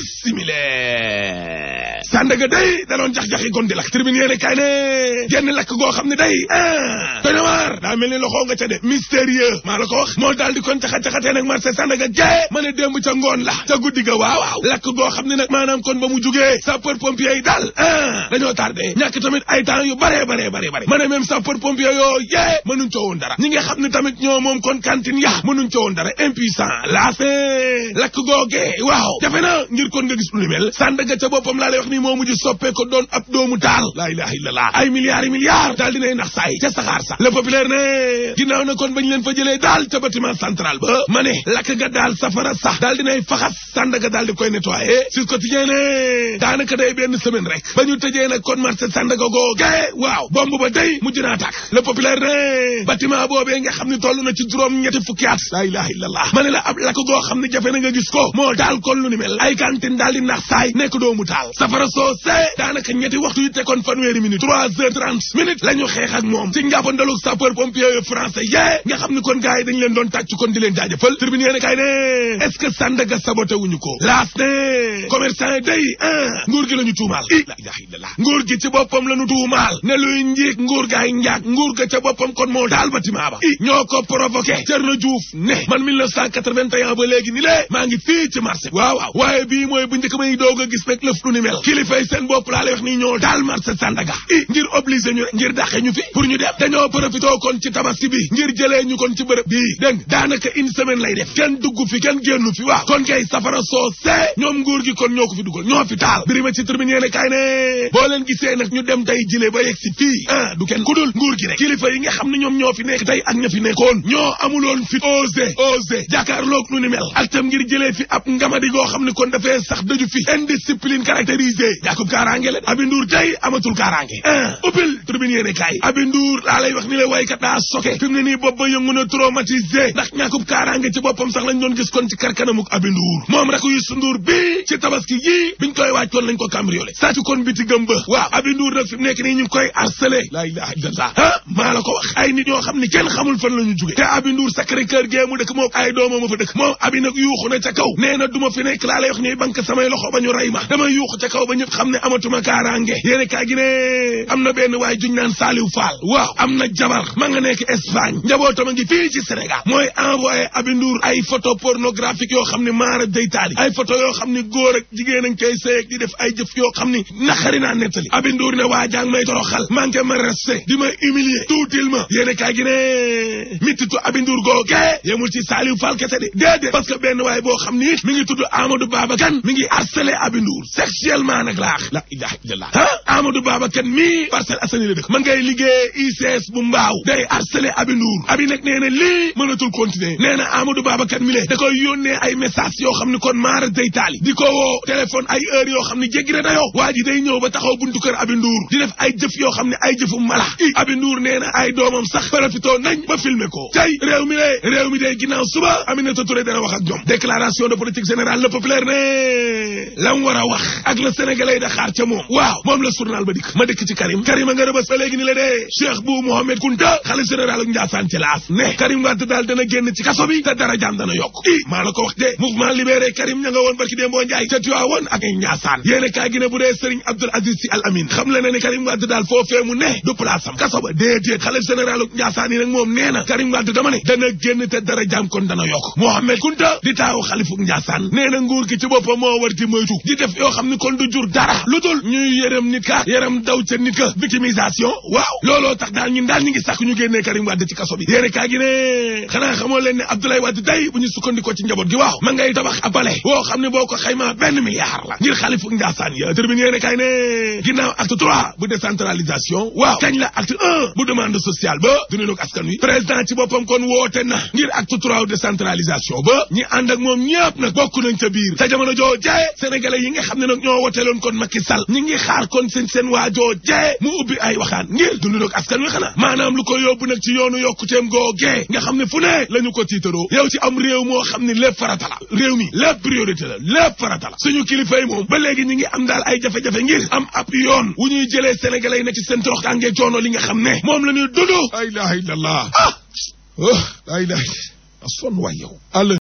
bisimile Sandaga day danoon jax-jaxi kon di lakk tribune yéene kay ne genn lakk goo xam ne day ah doñowaar daa mel ni loxoo nga ca de mystérieux ma la ko wax moo daal di kon caxa-caxatee nag marché Sandaga jee ma ne démb ca ngoon la ca guddi ga waaw lakk goo xam ne nag maanaam kon ba mu jugee sapeur pompier yi daal ah dañoo tardé ñàkk tamit ay temps yu bare bare bare bare ma ne même sapeur pompier yoo yee mënuñ ca woon dara ñi nga xam ne tamit ñoo moom kon cantine ya mënuñ woon dara impuissant laase lakk googee waaw jafe na kon nga gis lu mi moo mujj soppee ko doon ab doomu taal laa ilaha illallah ay milliards yi milliards daal dinay nax saay ca saxaar sa le populaire ne ginnaaw na kon bañ leen fa jëlee daal ca bâtiment central ba ma ne ga daal safara sax daal dinay faxas sàndaga daal di koy nettoyé sur quotidien ne daanaka day benn semaine rek ba ñu tëjee nag kon marché sàndaga googee waaw bomb ba day mujj naa tàkk le populaire ne bâtiment boobee nga xam ne toll na ci juróom ñetti fukki at laa ilaha illallah ma ne la ab lakk goo xam ne jafe na nga gis soosé daanaka ñetti waxtu yu tegoon fanweeri minute trois heures trente minutes la ñu xeex ak moom ci njàppandalu sapeur pompier yu yee nga xam ni kon gars dañ leen doon tàcc kon di leen jaajëfal tribune yéene kay ne est-ce que Sandaga saboté wuñu ko laas ne commerçant yi ah nguur gi la ñu tuumaal la ilaha illallah nguur gi ci boppam la ñu tuumaal ne luy njiig nguur gaay njaag nguur ga ca boppam kon moo daal bâtiment ba i ñoo ko provoqué Thierno Diouf ne man ngi fii ci marché waaw waaw waaye bii mooy kilifay seen bopp laa lay wax ni ñoo ñu ngir ñu fi pour ñu dem dañoo profité kon ci tabaski bi ñu kon ci bërëb bii dégg daanaka une semaine lay def kenn dugg fi kenn génnu fi waaw kon kay safara soo see ñoom nguur gi kon ñoo ko fi dugal ñoo fi taal birima ci tribune yéene kaay ne boo leen gisee nag ñu dem tey jile ba yegg si fii ah, du kenn ku dul nguur gi rek kilifa yi nga xam ne ñoom ñoo fi nekk tey ak ña fi nekkoon ñoo amuloon fi osé osé jàkkaarloog nu ni mel ak tam ngir jëlee fi ab ngamadi goo xam ne kon dafee sax daju fi indiscipline caractérise sécurité ñàkkub kaaraange la Abi Ndour tey amatul kaaraange un ah. ubbil tribune yéene kaay Abi Ndour laa lay ni la waykat daa soke fi mu ne nii bopp ba yëngu ndax ñàkkub kaaraange ci boppam sax lañ doon gis kon ci karkanamuk Abi Ndour moom rek Youssou Ndour bi ci tabaski ko cambriolé sàcc kon biti ñu ngi ko wax ay nit ñoo xam ne kenn xamul fan la ñu jóge te Abi Ndour Sacré Cœur gée moom ay doomam a fa na ca kaw duma fi nekk laa lay ni banque samay loxo ba ñu ray ma damay ba ñëpp xam ne amatuma kaaraange yéene kaa gi ne am na benn waay juñ naan Saliou Fall waaw am na jabar ma nga nekk Espagne njabootam ma ngi fii ci Sénégal mooy envoyé Aby Ndour ay photo pornographique yoo xam ne maara daytaali ay photo yoo xam ne góor ak jigéen a ngi koy sëy di def ay jëf yoo xam ne naxari naa nettali Aby Ndour ne waa jàng may toroxal manqué ma respect di ma humilier tuutil ma yéene kaa gi ne mititu Aby Ndour googee yemul ci Saliou Fall kese de parce que benn waay boo xam ne mi ngi tudd Amadou Baba Kane mi ngi harcelé Aby Ndour sexuellement franc nag laax la ilaha illallah ah Amadou Baba Kane mii Parcelles Assainies la dëkk ma ngay liggéey ICS bu mbaaw day harcelé Abi Ndour Abi nag nee na lii mënatul continuer nee na Amadou le da koy yónnee ay message yoo xam kon maara day taali di ko woo téléphone ay heures yoo xam ne na dayoo waa day ñëw ba taxaw buntu kër di def ay jëf yoo xam ay jëfu mala i Abi Ndour nee ay doomam sax profitoo nañ ba filmer ko tey réew mi le réew mi day ginnaaw suba Aminata Touré dana wax a sénégalais yi da xaar ca moom waaw moom la journal ba dikk ma dëkk ci Karim Karim a nga rëbës ba léegi ni la dee Cheikh Bou Mohamed Kounta xalifa général ak ci laas ne Karim Wade daal dana génn ci kaso bi te dara jàm dana yokk i maa la ko wax de mouvement libéré Karim ña woon barki démboo Njaay ca Tiwaawoon ak Ndiassane yéene kaay gi ne bu dee Serigne Abdoul Aziz Sy Al Amine xam la ne ni Karim Wade daal dama ne dana génn te dara jàm kon dana jur dara lu dul ñuy yërëm nit ka yërëm daw ca nit ka victimisation waaw looloo tax daal ñun daal ñu ngi sàkk ñu génnee Karim Wade ci kaso bi yéene kaa gi ne xamoo leen ne Abdoulaye day bu ñu sukkandikoo ci njaboot gi waaw ma ngay tabax ab palais boo xam ne boo xayma benn milliard la ngir xaalifu Njaasaan ya terminé yéene kaay ne ginnaaw acte trois bu décentralisation waaw kañ la acte un bu demande sociale ba dunu ak askan wi président ci boppam kon woote na ngir ba ñi ànd ak moom ñëpp nag bokk nañ ca biir jëloon kon Macky Sall ñi ngi xaar kon seen seen waajoo jee mu ubbi ay waxaan ngir dund ak askan wi maanaam lu ko yóbbu nag ci yoonu yokkuteem googee nga xam ne fu ne la ñu ko tiitaroo yow ci am réew moo xam ne lépp farata la réew mi lépp priorité la lépp farata la suñu kilifa yi moom ba léegi ñu ngi am daal ay jafe-jafe ngir am ab yoon wu ñuy jële sénégalais yi na ci seen torox tàngee coono li nga xam ne moom la ñuy dund la ilaha illallah ah oh, la ilaha a son waay yow